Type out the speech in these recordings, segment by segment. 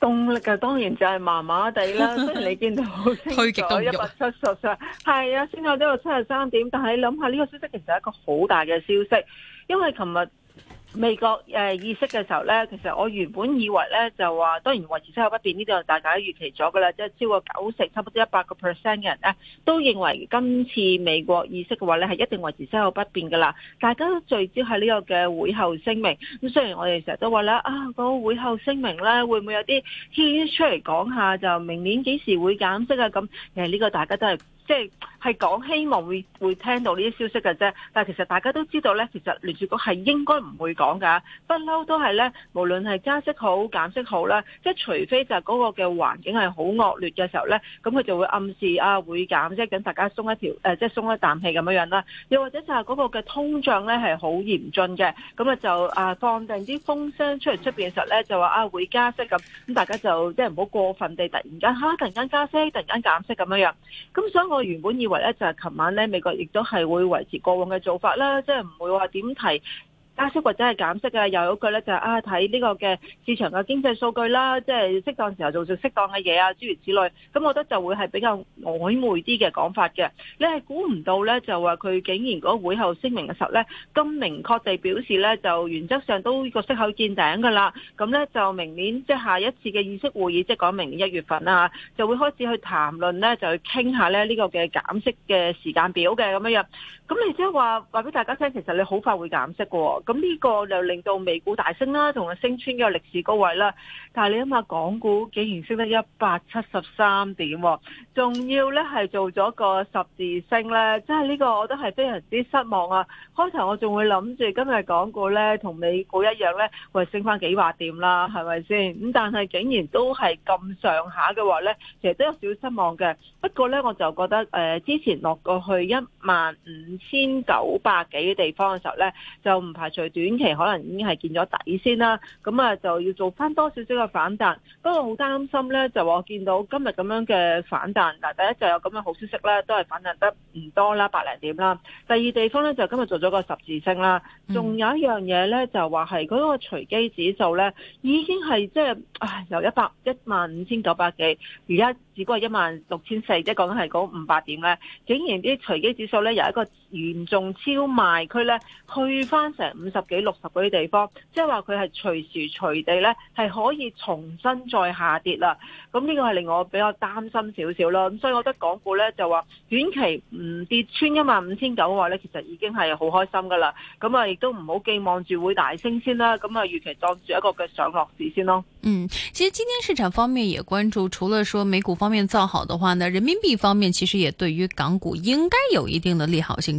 動力啊，當然就係麻麻地啦，雖然你見到 推極金一百七十六，係啊，先有呢個七十三點，但係你諗下呢個消息其實係一個好大嘅消息，因為琴日，美國誒意識嘅時候咧，其實我原本以為咧就話當然維持息口不變呢度，就大家預期咗噶啦，即係超過九成，差不多一百個 percent 嘅人咧、啊，都認為今次美國意識嘅話咧係一定維持息口不變噶啦。大家都聚焦喺呢個嘅會後聲明。咁雖然我哋成日都話咧啊，嗰個會後聲明咧會唔會有啲牽出嚟講下就明年幾時會減息啊？咁其實呢個大家都係。即係係講希望會會聽到呢啲消息嘅啫，但係其實大家都知道咧，其實聯儲局係應該唔會講㗎，不嬲都係咧，無論係加息好減息好啦，即係除非就嗰個嘅環境係好惡劣嘅時候咧，咁佢就會暗示啊會減息，等大家鬆一條、啊、即係鬆一啖氣咁樣樣啦。又或者就係嗰個嘅通脹咧係好嚴峻嘅，咁啊就啊放定啲風聲出嚟出面嘅時候咧，就話啊會加息咁，咁大家就即係唔好過分地突然間嚇、啊，突然間加息，突然間減息咁樣樣。咁所以我。我原本以為咧，就係琴晚咧，美國亦都係會維持過往嘅做法啦，即係唔會話點提。加息或者係減息、就是、啊，又有一句咧就係啊睇呢個嘅市場嘅經濟數據啦，即、就、係、是、適當時候做做適當嘅嘢啊，諸如此類。咁我覺得就會係比較曖昧啲嘅講法嘅。你係估唔到咧，就話佢竟然嗰會後聲明嘅時候咧，咁明確地表示咧，就原則上都個息口見頂㗎啦。咁咧就明年即係、就是、下一次嘅議息會議，即係講明年一月份啦、啊，就會開始去談論咧，就去傾下咧呢個嘅減息嘅時間表嘅咁樣樣，咁你即係話話俾大家聽，其實你好快會減息喎、哦。咁呢個就令到美股大升啦，同埋升穿咗個歷史高位啦。但你諗下，港股竟然升得一百七十三點，仲要呢係做咗個十字星呢？即係呢個我都係非常之失望啊！開頭我仲會諗住今日港股呢，同美股一樣呢，會升翻幾百點啦，係咪先？咁但係竟然都係咁上下嘅話呢，其實都有少少失望嘅。不過呢，我就覺得誒、呃、之前落過去一萬五千九百幾嘅地方嘅時候呢，就唔排除最短期可能已經係見咗底先啦，咁啊就要做翻多少少嘅反彈。不過好擔心咧，就話我見到今日咁樣嘅反彈，但第一就有咁樣好消息咧，都係反彈得唔多啦，百零點啦。第二地方咧就今日做咗個十字星啦。仲有一樣嘢咧就話係嗰個隨機指數咧，已經係即係唉由一百一萬五千九百幾，而家只不過係一萬六千四，即係講緊係嗰五百點咧，竟然啲隨機指數咧由一個。嚴重超賣，佢呢，去翻成五十幾六十嗰啲地方，即係話佢係隨時隨地呢，係可以重新再下跌啦。咁呢個係令我比較擔心少少咯。咁所以我覺得港股呢，就話短期唔跌穿一萬五千九嘅話呢，其實已經係好開心噶啦。咁啊，亦都唔好寄望住會大升先啦。咁啊，預期當住一個嘅上落市先咯。嗯，其實今天市場方面也關注，除了說美股方面造好的話呢，人民幣方面其實也對於港股應該有一定的利好性。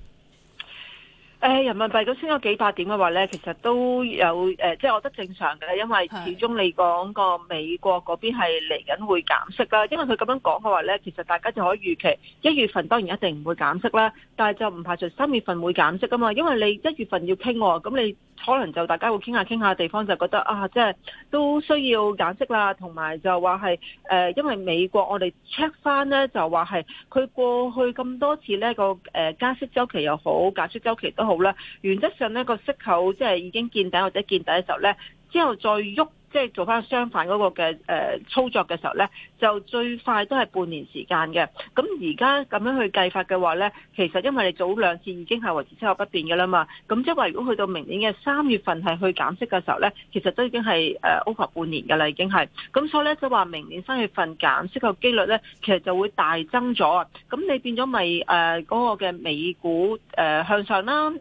誒、哎、人民幣都升咗幾百點嘅話咧，其實都有誒，即、呃、係、就是、我覺得正常嘅，因為始終你講個美國嗰邊係嚟緊會減息啦。因為佢咁樣講嘅話咧，其實大家就可以預期一月份當然一定唔會減息啦，但係就唔排除三月份會減息噶嘛。因為你一月份要傾喎、哦，咁你可能就大家會傾下傾下地方，就覺得啊，即係都需要減息啦，同埋就話係誒，因為美國我哋 check 翻咧，就話係佢過去咁多次呢個、呃、加息周期又好，減息周期都。好啦，原則上呢個息口即係已經見底或者見底嘅時候咧，之後再喐。即係做翻相反嗰個嘅誒操作嘅時候咧，就最快都係半年時間嘅。咁而家咁樣去計法嘅話咧，其實因為你早兩次已經係維持七個不變㗎啦嘛。咁即係話，如果去到明年嘅三月份係去減息嘅時候咧，其實都已經係誒 over 半年㗎啦，已經係咁。所以咧，就話話明年三月份減息嘅機率咧，其實就會大增咗。咁你變咗咪誒嗰個嘅美股誒向上啦，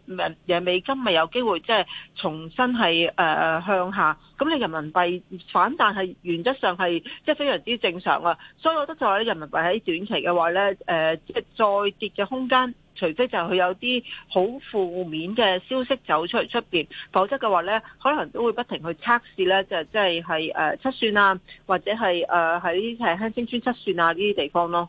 日美金咪有機會即係重新係誒向下。咁你人民幣反彈係原則上係即係非常之正常啊，所以我覺得就喺人民幣喺短期嘅話咧，誒即係再跌嘅空間，除非就佢有啲好負面嘅消息走出嚟出邊，否則嘅話咧，可能都會不停去測試咧，就即係係七算啊，或者係誒喺係香精村七算啊呢啲地方咯。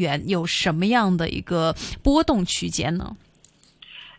有什麼樣的一個波動區間呢？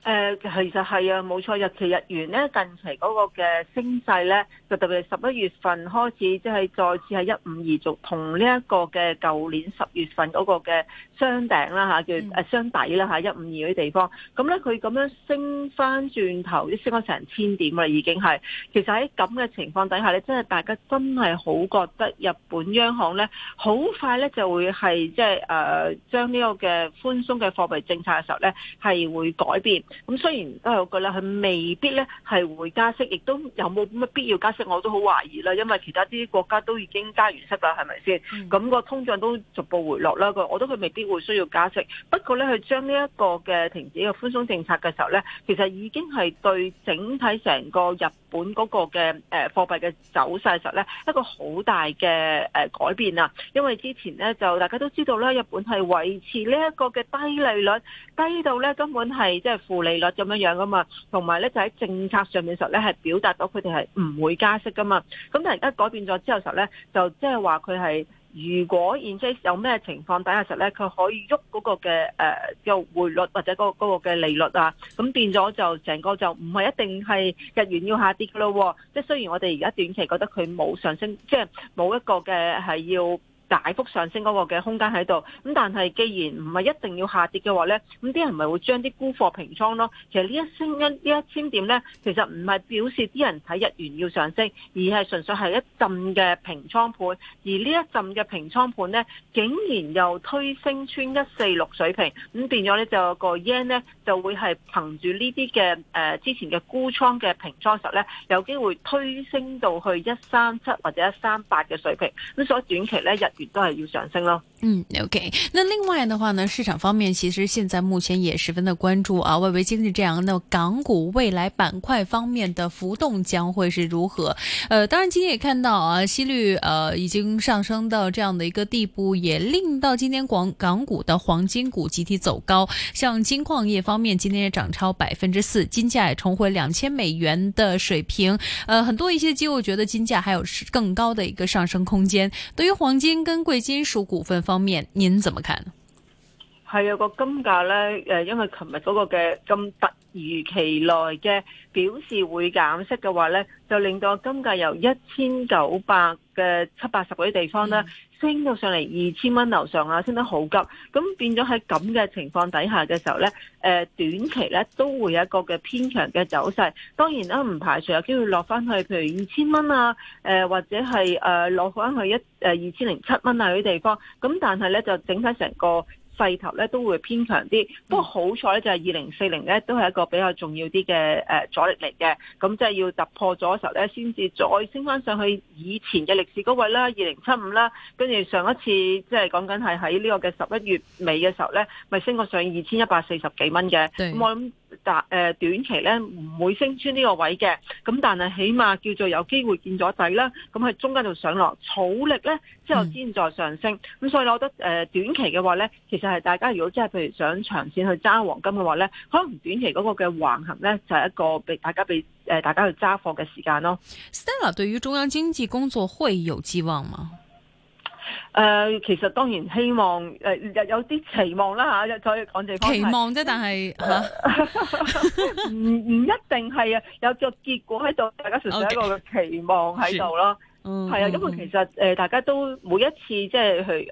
誒、呃，其實係啊，冇錯，日期日元咧，近期嗰個嘅升勢咧。就特別係十一月份開始，即係再次係一五二續同呢一個嘅舊年十月份嗰個嘅雙頂啦嚇，叫誒雙底啦嚇，一五二嗰啲地方，咁咧佢咁樣升翻轉頭，升咗成千點啦，已經係。其實喺咁嘅情況底下咧，真係大家真係好覺得日本央行咧，好快咧就會係即係誒將呢個嘅寬鬆嘅貨幣政策嘅時候咧，係會改變。咁雖然都有句啦，佢未必咧係會加息，亦都有冇乜必要加息。我都好懷疑啦，因為其他啲國家都已經加完息啦，係咪先？咁、嗯、個通脹都逐步回落啦，我覺得佢未必會需要加息。不過咧，佢將呢一個嘅停止嘅寬鬆政策嘅時候咧，其實已經係對整體成個。入。日本嗰個嘅誒貨幣嘅走勢實咧一個好大嘅誒改變啊。因為之前咧就大家都知道啦，日本係維持呢一個嘅低利率，低到咧根本係即係負利率咁樣樣噶嘛，同埋咧就喺政策上面實咧係表達到佢哋係唔會加息噶嘛，咁但係一改變咗之後實咧就即係話佢係。如果現在有咩情況底下實咧，佢可以喐嗰個嘅誒嘅匯率或者嗰嗰個嘅利率啊，咁變咗就成個就唔係一定係日元要下跌嘅咯。即係雖然我哋而家短期覺得佢冇上升，即係冇一個嘅係要。 嗯嗯嗯、大幅上升嗰個嘅空間喺度，咁但係既然唔係一定要下跌嘅話呢，咁啲人咪會將啲沽貨平倉咯。其實呢一升一呢一千點呢，其實唔係表示啲人睇日元要上升，而係純粹係一浸嘅平倉盤。而呢一浸嘅平倉盤呢，竟然又推升穿一四六水平，咁變咗呢，就有個 yen 呢就會係憑住呢啲嘅誒之前嘅沽倉嘅平倉實呢，有機會推升到去一三七或者一三八嘅水平。咁所以短期呢，日都係要上升咯。嗯，OK。那另外的話呢，市場方面其實現在目前也十分的關注啊，外圍經濟這樣，那港股未來板塊方面的浮動將會是如何？呃，當然今天也看到啊，息率呃已經上升到這樣的一個地步，也令到今天廣港股的黃金股集體走高，像金礦業方面，今天也漲超百分之四，金價也重回兩千美元的水平。呃，很多一些機構覺得金價還有更高的一個上升空間。對於黃金跟貴金屬股份方面，您怎麼看？係有個金價呢，誒，因為琴日嗰個嘅咁突如其來嘅表示會減息嘅話呢，就令到金價由一千九百嘅七八十嗰啲地方呢。嗯升到上嚟二千蚊樓上啊，升得好急，咁變咗喺咁嘅情況底下嘅時候呢，誒短期呢都會有一個嘅偏強嘅走勢。當然啦，唔排除有機會落翻去，譬如二千蚊啊，誒或者係誒落翻去一誒二千零七蚊啊嗰啲地方。咁但係呢就整體成個。勢頭咧都會偏強啲，不過好彩咧就係二零四零咧都係一個比較重要啲嘅誒阻力嚟嘅，咁即係要突破咗嘅時候咧，先至再升返上去以前嘅歷史嗰位啦，二零七五啦，跟住上一次即係講緊係喺呢個嘅十一月尾嘅時候咧，咪升過上二千一百四十幾蚊嘅，咁對我諗。但短期咧唔會升穿呢個位嘅，咁但係起碼叫做有機會見咗底啦。咁喺中間度上落，儲力咧之後先再上升。咁、嗯、所以我覺得短期嘅話咧，其實係大家如果真係譬如想長線去揸黃金嘅話咧，可能短期嗰個嘅橫行咧就係一個俾大家俾大家去揸貨嘅時間咯。Stella 對於中央經濟工作會議有寄望嗎？誒、呃，其實當然希望誒、呃，有有啲期望啦吓，所以講自己期望啫，但係吓，唔唔一定係啊，有個結果喺度，大家純粹一個期望喺度咯。Okay. 嗯，係、嗯、啊、嗯，因為其實誒，大家都每一次即係去誒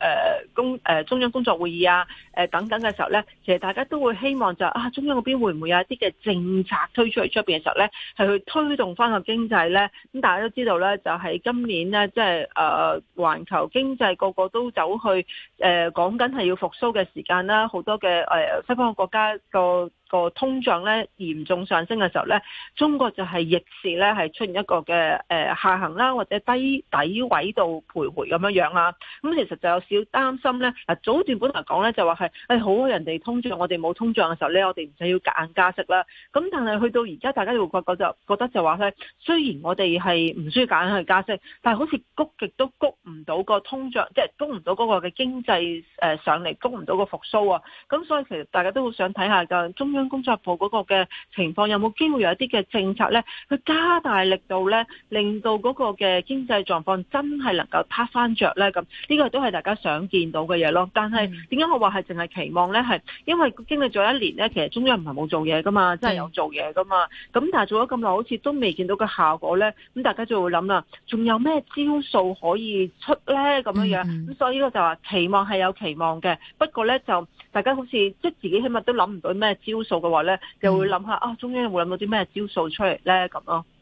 工、誒中央工作會議啊，誒、呃、等等嘅時候咧，其實大家都會希望就是、啊中央嗰邊會唔會有一啲嘅政策推出嚟。出邊嘅時候咧，係去推動翻個經濟咧。咁、嗯、大家都知道咧，就係、是、今年咧，即係誒環球經濟個個都走去誒講緊係要復甦嘅時間啦，好多嘅誒、呃、西方國家個。個通脹咧嚴重上升嘅時候咧，中國就係逆市咧係出現一個嘅誒下行啦，或者低底位度徘徊咁樣樣啊。咁其實就有少擔心咧。嗱，早段本嚟講咧就話係誒好，人哋通脹，我哋冇通脹嘅時候咧，我哋唔使要夾硬加息啦。咁但係去到而家，大家會覺覺就覺得就話咧，雖然我哋係唔需要夾硬去加息，但係好似谷極都谷唔到個通脹，即係谷唔到嗰個嘅經濟誒上嚟，谷唔到個復甦啊。咁所以其實大家都好想睇下嘅中央工作部嗰個嘅情況有冇機會有一啲嘅政策咧，去加大力度咧，令到嗰個嘅經濟狀況真係能夠撻翻着咧？咁、這、呢個都係大家想見到嘅嘢咯。但係點解我話係淨係期望咧？係因為經歷咗一年咧，其實中央唔係冇做嘢噶嘛，真係有做嘢噶嘛。咁是但係做咗咁耐，好似都未見到個效果咧。咁大家就會諗啦，仲有咩招數可以出咧？咁樣樣咁，嗯、所以我就話期望係有期望嘅，不過咧就大家好似即係自己起碼都諗唔到咩招數嘅話咧，就會諗下、嗯、啊，中央會諗到啲咩招數出嚟咧咁咯。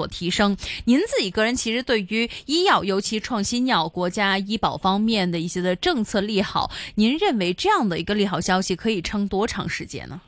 所提升，您自己個人其實對於醫藥，尤其創新藥，國家醫保方面的一些的政策利好，您認為這樣的一個利好消息可以撐多長時間呢？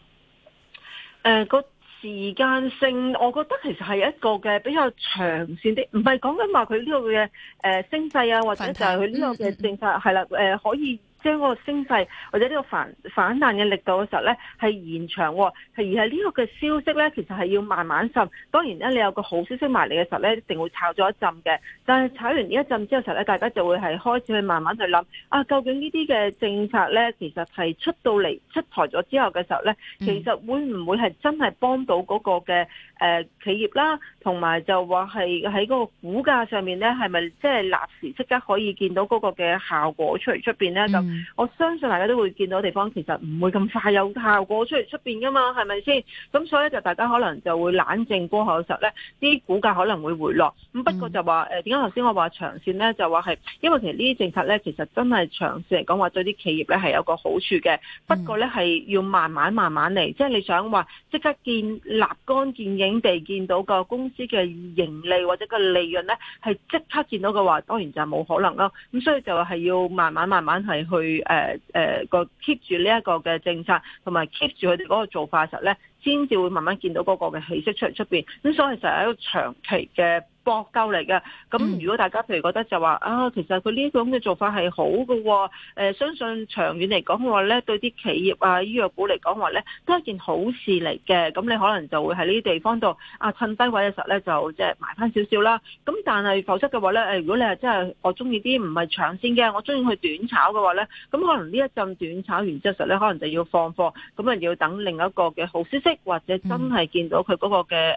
誒、呃，這個時間性，我覺得其實係一個嘅比較長線的，唔係講緊話佢呢個嘅誒升勢啊，或者就係佢呢個嘅政策係啦，誒、 呃、可以。將嗰個升勢或者呢個反反彈嘅力度嘅時候咧，係延長，係而係呢個嘅消息咧，其實係要慢慢滲。當然咧，你有個好消息埋嚟嘅時候咧，一定會炒咗一陣嘅。但係炒完呢一陣之後嘅時候咧，大家就會係開始去慢慢去諗啊，究竟呢啲嘅政策咧，其實係出到嚟出台咗之後嘅時候咧，其實會唔會係真係幫到嗰個嘅誒、呃、企業啦？同埋就話係喺嗰個股價上面咧，係咪即係立時即刻可以見到嗰個嘅效果出嚟出邊咧？就我相信大家都會見到地方，其實唔會咁快有效果出嚟出邊噶嘛，係咪先？咁所以咧就大家可能就會冷靜過後嘅時候咧，啲股價可能會回落。咁不過就話，誒、嗯，點解頭先我話長線咧？就話係因為其實呢啲政策咧，其實真係長線嚟講話對啲企業咧係有個好處嘅。不過咧係要慢慢慢慢嚟，即係你想話即刻見立竿見影地見到個公司嘅盈利或者個利潤咧，係即刻見到嘅話，當然就冇可能囉。咁所以就係要慢慢慢慢係去。去誒誒個 keep 住呢一個嘅政策，同埋 keep 住佢哋嗰個做法嘅時候咧，先至會慢慢見到嗰個嘅氣息出出邊。咁所以其實係一個長期嘅。嗯、搏救嚟嘅，咁如果大家譬如覺得就話啊，其實佢呢個咁嘅做法係好嘅喎。相信長遠嚟講嘅話咧，對啲企業啊醫藥股嚟講話咧，都係件好事嚟嘅。咁你可能就會喺呢啲地方度啊，趁低位嘅時候咧，就即係買翻少少啦。咁但係否則嘅話咧，如果你係真係我中意啲唔係長線嘅，我中意去短炒嘅話咧，咁可能呢一陣短炒完之後實咧，可能就要放貨，咁啊要等另一個嘅好消息，或者真係見到佢嗰個嘅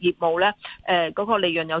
業務咧，嗰、嗰個利潤有。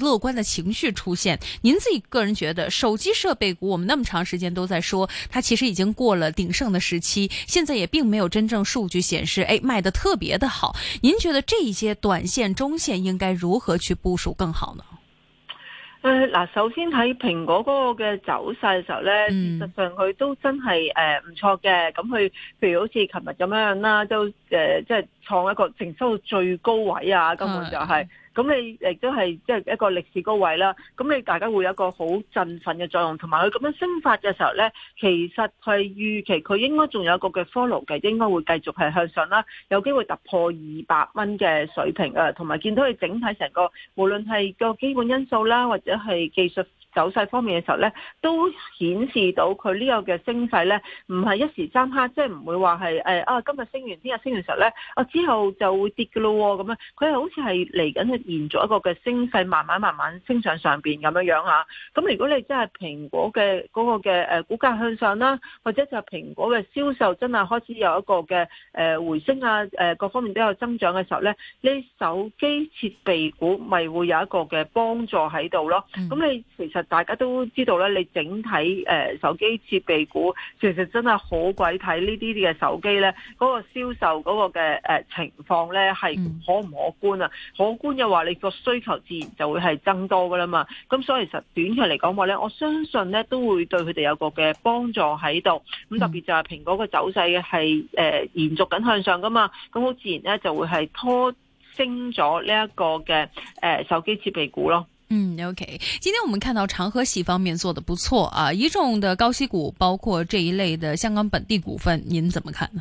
樂觀的情緒出現，您自己個人覺得，手機設備股我們那麼長時間都在說，它其實已經過了鼎盛的時期，現在也並沒有真正數據顯示，哎，賣得特別的好。您覺得這一些短線、中線應該如何去部署更好呢？呃，嗱，首先喺蘋果嗰個嘅走勢嘅時候咧，事、嗯、實上佢都真係誒唔錯嘅，咁佢譬如好似琴日咁樣樣啦，都誒、呃、即係創一個淨收最高位啊，根本、嗯、就係、是。咁你亦都係即係一個歷史高位啦。咁你大家會有一個好振奮嘅作用，同埋佢咁樣升法嘅時候咧，其實佢預期佢應該仲有一個嘅 follow 嘅，應該會繼續係向上啦，有機會突破二百蚊嘅水平啊。同埋見到佢整體成個，無論係個基本因素啦，或者係技術走勢方面嘅時候咧，都顯示到佢呢個嘅升勢咧，唔係一時三刻，即係唔會話係、哎、啊今日升完，聽日升完時候咧，啊之後就會跌㗎咯喎咁樣。佢係好似係嚟緊嘅。延續一個嘅升勢，慢慢慢慢升上上邊咁樣樣啊。咁如果你真係蘋果嘅嗰個嘅誒股價向上啦，或者就係蘋果嘅銷售真係開始有一個嘅誒回升啊，誒各方面都有增長嘅時候咧，你手機設備股咪會有一個嘅幫助喺度咯。咁、mm. 你其實大家都知道咧，你整體誒手機設備股其實真係好鬼睇呢啲嘅手機咧，嗰、嗰個銷售嗰個嘅誒情況咧係可唔可觀啊？Mm. 可觀又？話你個需求自然就會係增多噶啦嘛，咁所以其實短期嚟講話咧，我相信咧都會對佢哋有個嘅幫助喺度，咁特別就係蘋果個走勢係誒延續緊向上噶嘛，咁好自然咧就會係拖升咗呢一個嘅誒、呃、手機設備股咯。嗯，OK，今天我們看到長和系方面做得不錯啊，一眾的高息股包括這一類的香港本地股份，您怎麼看呢？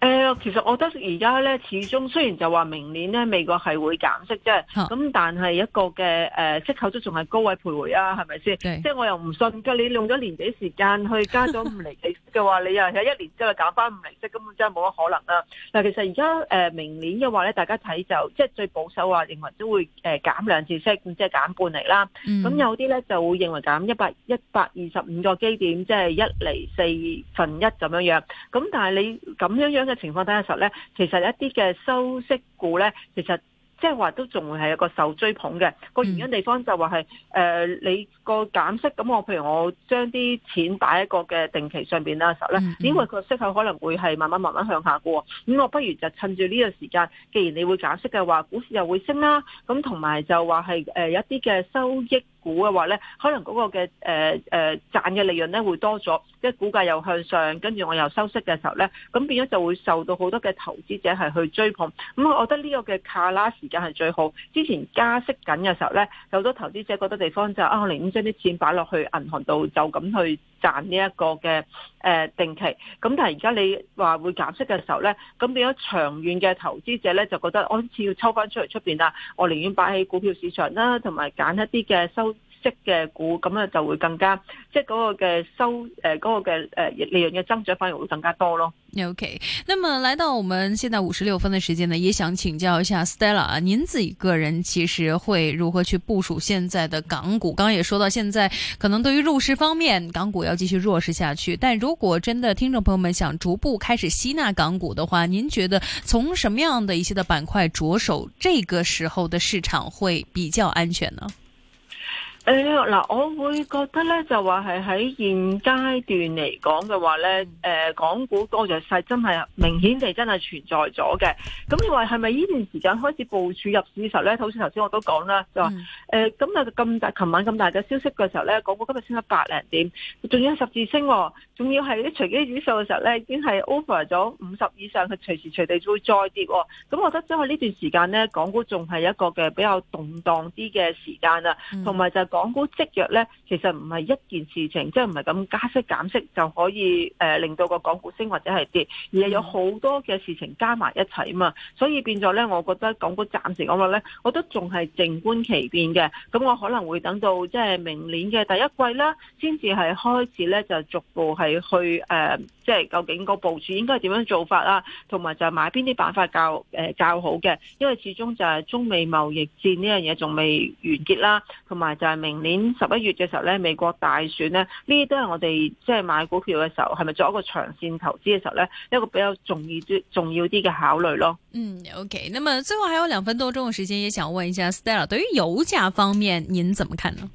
呃、其實我覺得而家咧，始終雖然就話明年咧，美國係會減息啫，咁、啊、但係一個嘅誒、呃，息口都仲係高位徘徊啊，係咪先？對即係我又唔信㗎，你用咗年幾時間去加咗五厘息嘅話， 你又有一年之後減翻五厘息，根本真係冇乜可能啦。但其實而家誒明年嘅話咧，大家睇就即係最保守話認為都會誒減兩次息，即係減半厘啦。咁、嗯、有啲咧就會認為減一百一百二十五個基點，即係一厘四分一咁樣樣。咁但係你咁樣樣。情況底下時候，候咧其實一啲嘅收息股咧，其實即係話都仲會係一個受追捧嘅個、嗯、原因的地方、就是，就話係誒你個減息咁，我譬如我將啲錢擺喺個嘅定期上邊啦，時候咧，因為個息口可能會係慢慢慢慢向下嘅喎，咁我不如就趁住呢個時間，既然你會減息嘅話，股市又會升啦、啊，咁同埋就話係有一啲嘅收益。股嘅話呢，可能嗰個嘅誒誒賺嘅利潤咧會多咗，即係股價又向上，跟住我又收息嘅時候呢，咁變咗就會受到好多嘅投資者係去追捧。咁我覺得呢個嘅卡拉時間係最好。之前加息緊嘅時候呢，有好多投資者覺得地方就是、啊，我寧願將啲錢擺落去銀行度就咁去。賺呢一個嘅誒定期，咁但係而家你話會減息嘅時候咧，咁變咗長遠嘅投資者咧就覺得我好似要抽翻出嚟出邊啦，我寧願擺喺股票市場啦，同埋揀一啲嘅收，即嘅股咁咧就會更加，即係嗰個嘅收誒，嗰個嘅誒利潤嘅增長反而會更加多咯。OK，那麼來到我們現在五十六分嘅時間呢，也想請教一下 Stella 啊，您自己個人其實會如何去部署現在嘅港股？剛剛也說到，現在可能對於入市方面，港股要繼續弱勢下去。但如果真的聽眾朋友們想逐步開始吸納港股的話，您覺得從什麼樣的一些的板塊着手，這個時候的市場會比較安全呢？.誒，嗱、呃，我會覺得咧，就話係喺現階段嚟講嘅話咧，誒、呃，港股個弱勢真係明顯地真係存在咗嘅。咁你話係咪呢段時間開始部署入市嘅時候咧？好似頭先我都講啦，就話誒，咁啊咁大，琴晚咁大嘅消息嘅時候咧，港股今日升咗百零點，仲要十字升、哦，仲要係啲隨機指數嘅時候咧，已經係 over 咗五十以上，佢隨時隨地就會再跌、哦。咁我覺得即係呢段時間咧，港股仲係一個嘅比較動蕩啲嘅時間啊，同埋、嗯、就係。港股積弱咧，其實唔係一件事情，即係唔係咁加息減息就可以誒、呃、令到個港股升或者係跌，而係有好多嘅事情加埋一齊啊嘛。所以變咗咧，我覺得港股暫時講話咧，我都仲係靜觀其變嘅。咁我可能會等到即係明年嘅第一季啦，先至係開始咧就逐步係去誒，即、呃、係、就係、究竟個部署應該係點樣做法啦，同埋就係買邊啲板塊較誒較好嘅，因為始終就係中美貿易戰呢樣嘢仲未完結啦，同埋就係、係。明年十一月嘅時候咧，美國大選咧，呢啲都係我哋即係買股票嘅時候，係咪做一個長線投資嘅時候咧，一個比較重要啲重要啲嘅考慮咯。嗯，OK。咁最後還有兩分多鐘嘅時間，也想問一下 Stella，對於油價方面，您怎麼看呢？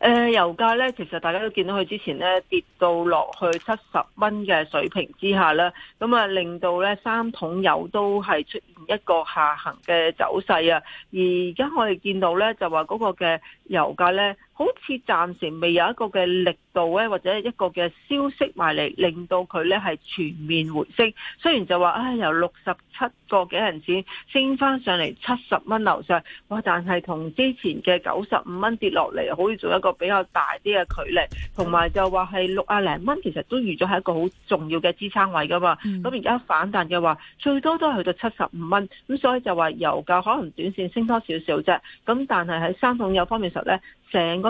誒、呃，油價呢，其實大家都見到佢之前呢跌到落去七十蚊嘅水平之下呢。咁啊令到呢三桶油都係出現一個下行嘅走勢啊，而而家我哋見到呢，就話嗰個嘅油價呢。好似暫時未有一個嘅力度咧，或者一個嘅消息埋嚟，令到佢咧係全面回升。雖然就話，哎，由六十七個幾銀錢升翻上嚟七十蚊樓上，哇！但係同之前嘅九十五蚊跌落嚟，可以做一個比較大啲嘅距離。同埋就話係六啊零蚊，其實都預咗係一個好重要嘅支撐位噶嘛。咁而家反彈嘅話，最多都係去到七十五蚊。咁所以就話油價可能短線升多少少啫。咁但係喺三桶油方面時候咧，成個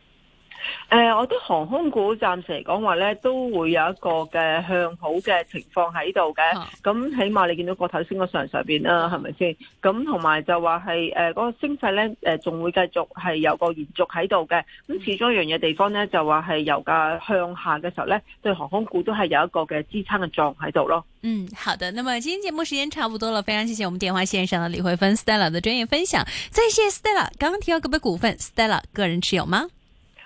誒、呃，我覺得航空股暫時嚟講話咧，都會有一個嘅向好嘅情況喺度嘅。咁、哦、起碼你見到個頭升嘅上上邊啦，係咪先？咁同埋就話係誒嗰個升勢咧，誒、呃、仲會繼續係有個延續喺度嘅。咁始終一樣嘢地方咧，就話係油價向下嘅時候咧，對航空股都係有一個嘅支撐嘅狀喺度咯。嗯，好的。那麼今天節目時間差不多了，非常謝謝我們電話線上的李慧芬 Stella 的專業分享。再謝謝 Stella 剛剛提到嘅股份 Stella 個人持有嗎？